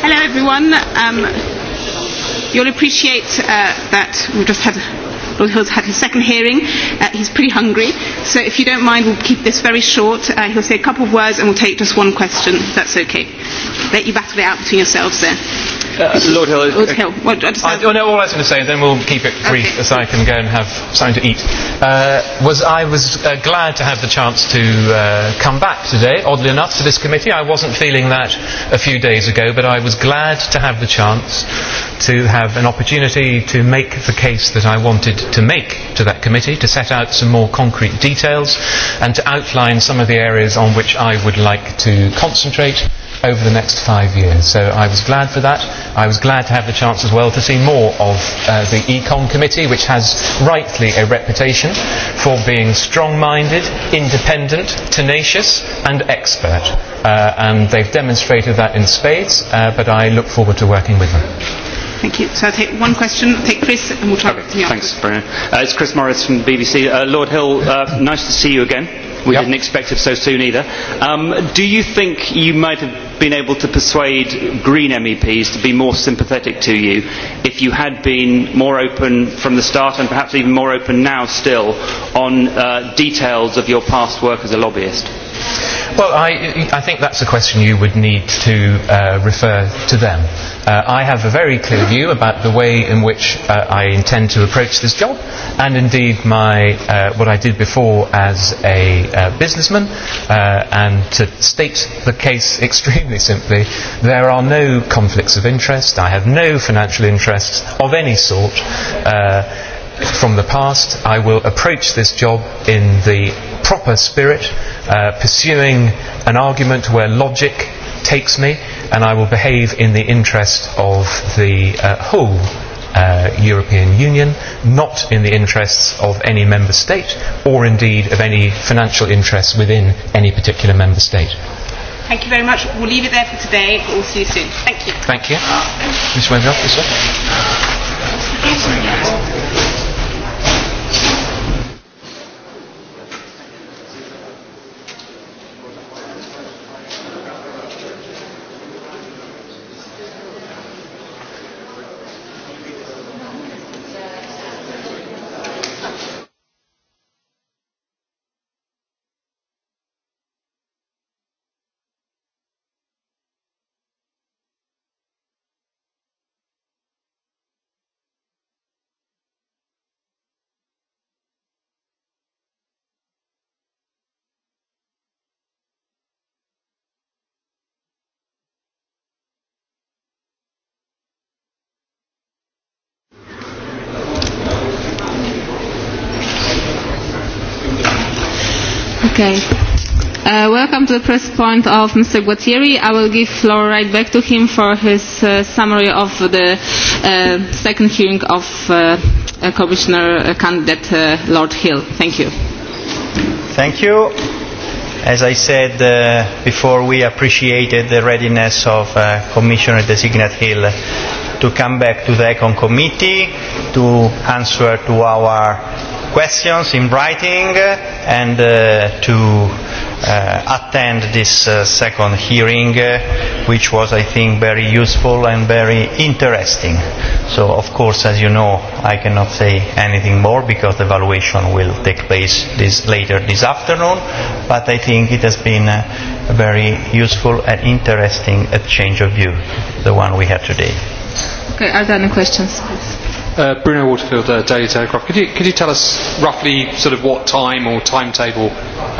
Hello, everyone. Um, you'll appreciate uh, that we've just had Lord had his second hearing. Uh, he's pretty hungry, so if you don't mind, we'll keep this very short. Uh, he'll say a couple of words, and we'll take just one question. that's okay. Let you battle it out between yourselves there. Lord Hill, I, well, no, all I was going to say, then we'll keep it brief, as I can go and have something to eat. Uh, was I was glad to have the chance to come back today, oddly enough, to this committee. I wasn't feeling that a few days ago, but I was glad to have the chance to have an opportunity to make the case that I wanted to make to that committee, to set out some more concrete details, and to outline some of the areas on which I would like to concentrate over the next five years. So I was glad for that. I was glad to have the chance as well to see more of the Econ Committee, which has rightly a reputation for being strong-minded, independent, tenacious and expert. And they've demonstrated that in spades, but I look forward to working with them. Thank you. So I'll take one question, take Chris, and we'll try to Thanks, Brian. Uh, it's Chris Morris from BBC. Uh, Lord Hill, uh, nice to see you again. We didn't expect it so soon either. Um, do you think you might have been able to persuade Green MEPs to be more sympathetic to you if you had been more open from the start and perhaps even more open now still on details of your past work as a lobbyist. Well, I, I think that's a question you would need to refer to them. I have a very clear view about the way in which I intend to approach this job, and indeed my, what I did before as a businessman, and to state the case extremely simply, there are no conflicts of interest. I have no financial interests of any sort. Uh, from the past. I will approach this job in the proper spirit, pursuing an argument where logic takes me, and I will behave in the interest of the whole European Union, not in the interests of any member state, or indeed of any financial interests within any particular member state. Thank you very much. We'll leave it there for today, but we'll see you soon. Thank you. Thank you. Okay. Welcome to the press point of Mr. Guattieri. I will give floor right back to him for his summary of the second hearing of Commissioner candidate Lord Hill. Thank you. Thank you. As I said before, we appreciated the readiness of Commissioner designate Hill to come back to the ECON committee to answer to our questions in writing and to attend this second hearing which was I think very useful and very interesting. So of course as you know I cannot say anything more because the evaluation will take place this later this afternoon but I think it has been a very useful and interesting change of view the one we had today. Okay, are there any questions please? Bruno Waterfield, Daily Telegraph. Could you, could you tell us roughly sort of what time or timetable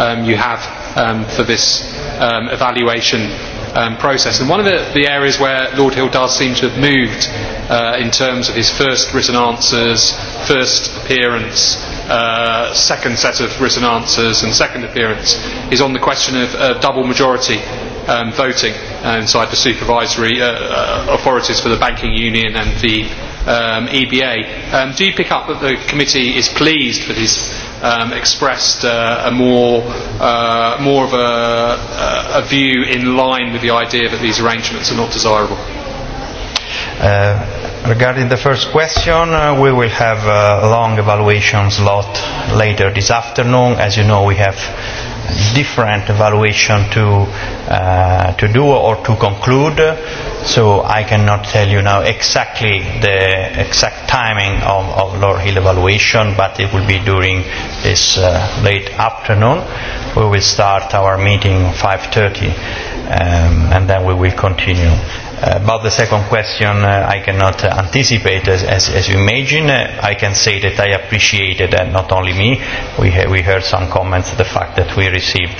um, you have um, for this um, evaluation um, process? And one of the, the areas where Lord Hill does seem to have moved uh, in terms of his first written answers, first appearance, uh, second set of written answers and second appearance is on the question of uh, double majority um, voting inside the supervisory uh, authorities for the banking union and the EBA. Do you pick up that the committee is pleased that he's expressed a more more of a view in line with the idea that these arrangements are not desirable? Regarding the first question, we will have a long evaluation slot later this afternoon. As you know, we have different evaluation to to do or to conclude so I cannot tell you now exactly the exact timing of of Lord Hill evaluation but it will be during this late afternoon we will start our meeting 5:30 and then we will continue About the second question, I cannot anticipate. As you imagine, I can say that I appreciated, and not only me, we heard some comments, the fact that we received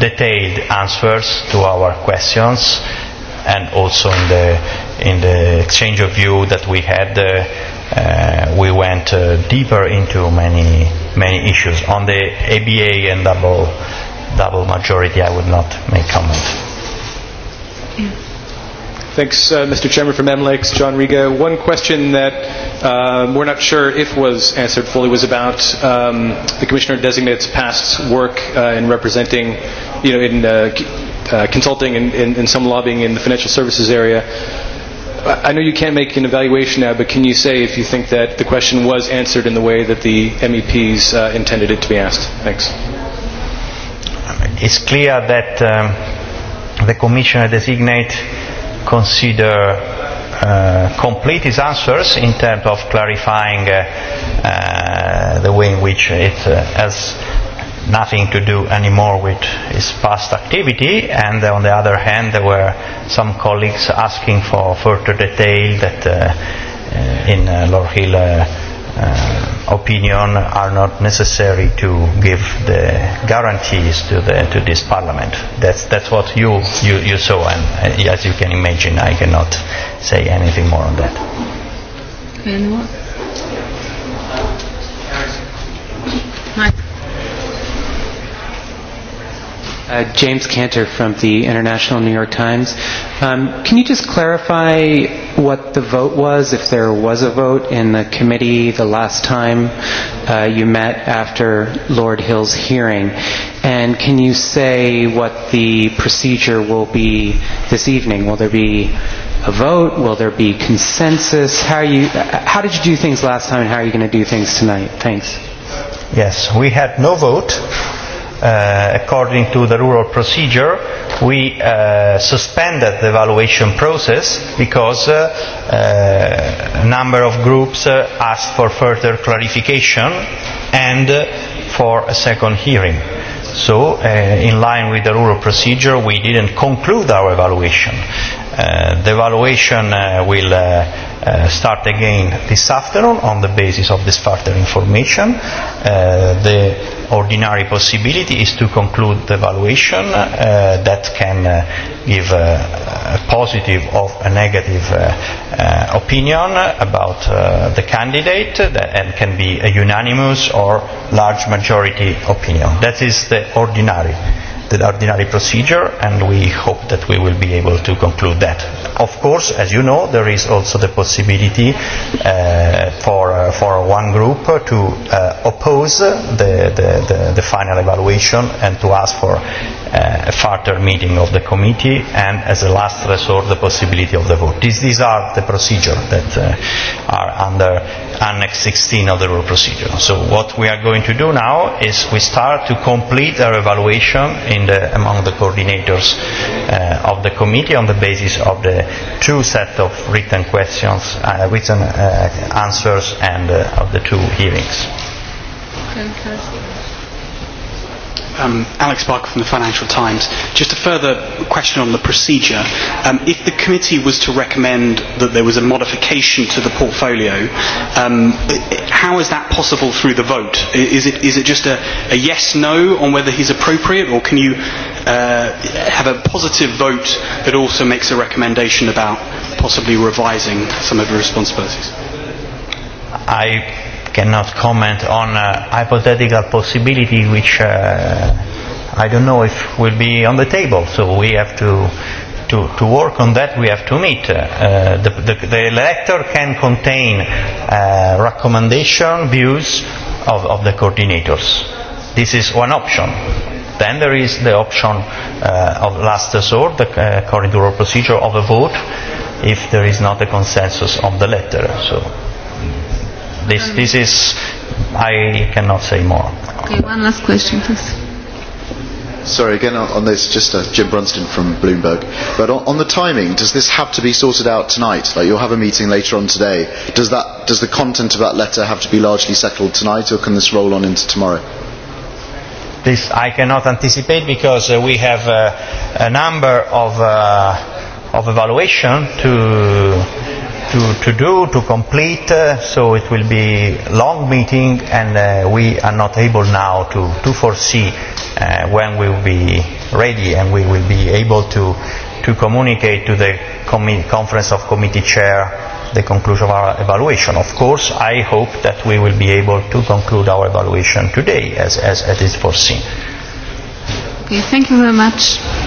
detailed answers to our questions, and also in the in the exchange of view that we had, we went deeper into many many issues. On the ABA and double double majority, I would not make comment. Thanks, Mr. Chairman from MLEX, John Riga. One question that we're not sure if was answered fully was about the Commissioner designate's past work in representing, you know, in consulting and in some lobbying in the financial services area. I know you can't make an evaluation now, but can you say if you think that the question was answered in the way that the MEPs intended it to be asked? Thanks. It's clear that the Commissioner designate consider complete his answers in terms of clarifying the way in which it has nothing to do anymore with his past activity and on the other hand there were some colleagues asking for further detail that in Lord Hill opinion are not necessary to give the guarantees to the to this parliament that's that's what you you you saw and as you can imagine i cannot say anything more on that James Cantor from the International New York Times. Um, can you just clarify what the vote was, if there was a vote in the committee the last time uh, you met after Lord Hill's hearing? And can you say what the procedure will be this evening? Will there be a vote? Will there be consensus? How, are you, how did you do things last time and how are you going to do things tonight? Thanks. Yes, we had no vote according to the rural procedure, we suspended the evaluation process because a number of groups asked for further clarification and for a second hearing. So, in line with the rural procedure, we didn't conclude our evaluation. The evaluation will start again this afternoon on the basis of this further information. The ordinary possibility is to conclude the valuation that can give a positive or a negative opinion about the candidate and can be a unanimous or large majority opinion. That is the ordinary the ordinary procedure and we hope that we will be able to conclude that. Of course, as you know, there is also the possibility for for one group to oppose the the the final evaluation and to ask for a further meeting of the committee and as a last resort the possibility of the vote. These are the procedures that are under Annex 16 of the rule procedure. So what we are going to do now is we start to complete our evaluation in the among the coordinators of the committee on the basis of the two set of written questions, written answers and of the two hearings. Um, Alex Barker from the Financial Times. Just a further question on the procedure. Um, if the committee was to recommend that there was a modification to the portfolio, um, how is that possible through the vote? Is it, is it just a, a yes-no on whether he's appropriate, or can you uh, have a positive vote that also makes a recommendation about possibly revising some of the responsibilities? I cannot comment on a hypothetical possibility which I don't know if will be on the table. So we have to to, to work on that we have to meet. the, the, elector can contain uh, recommendation, views of, of the coordinators. This is one option. Then there is the option of last resort, the uh, corridor procedure of a vote, if there is not a consensus of the letter. So This, this is, I cannot say more. Okay, one last question, please. Sorry, again on this, just uh, Jim Brunston from Bloomberg. But on, on the timing, does this have to be sorted out tonight? Like you'll have a meeting later on today. Does, that, does the content of that letter have to be largely settled tonight, or can this roll on into tomorrow? This I cannot anticipate because we have a number of, of evaluation to to, to do, to complete, so it will be a long meeting and we are not able now to, to foresee when we will be ready and we will be able to, to communicate to the conference of committee chair the conclusion of our evaluation. Of course, I hope that we will be able to conclude our evaluation today as, as, as is foreseen. thank you very much.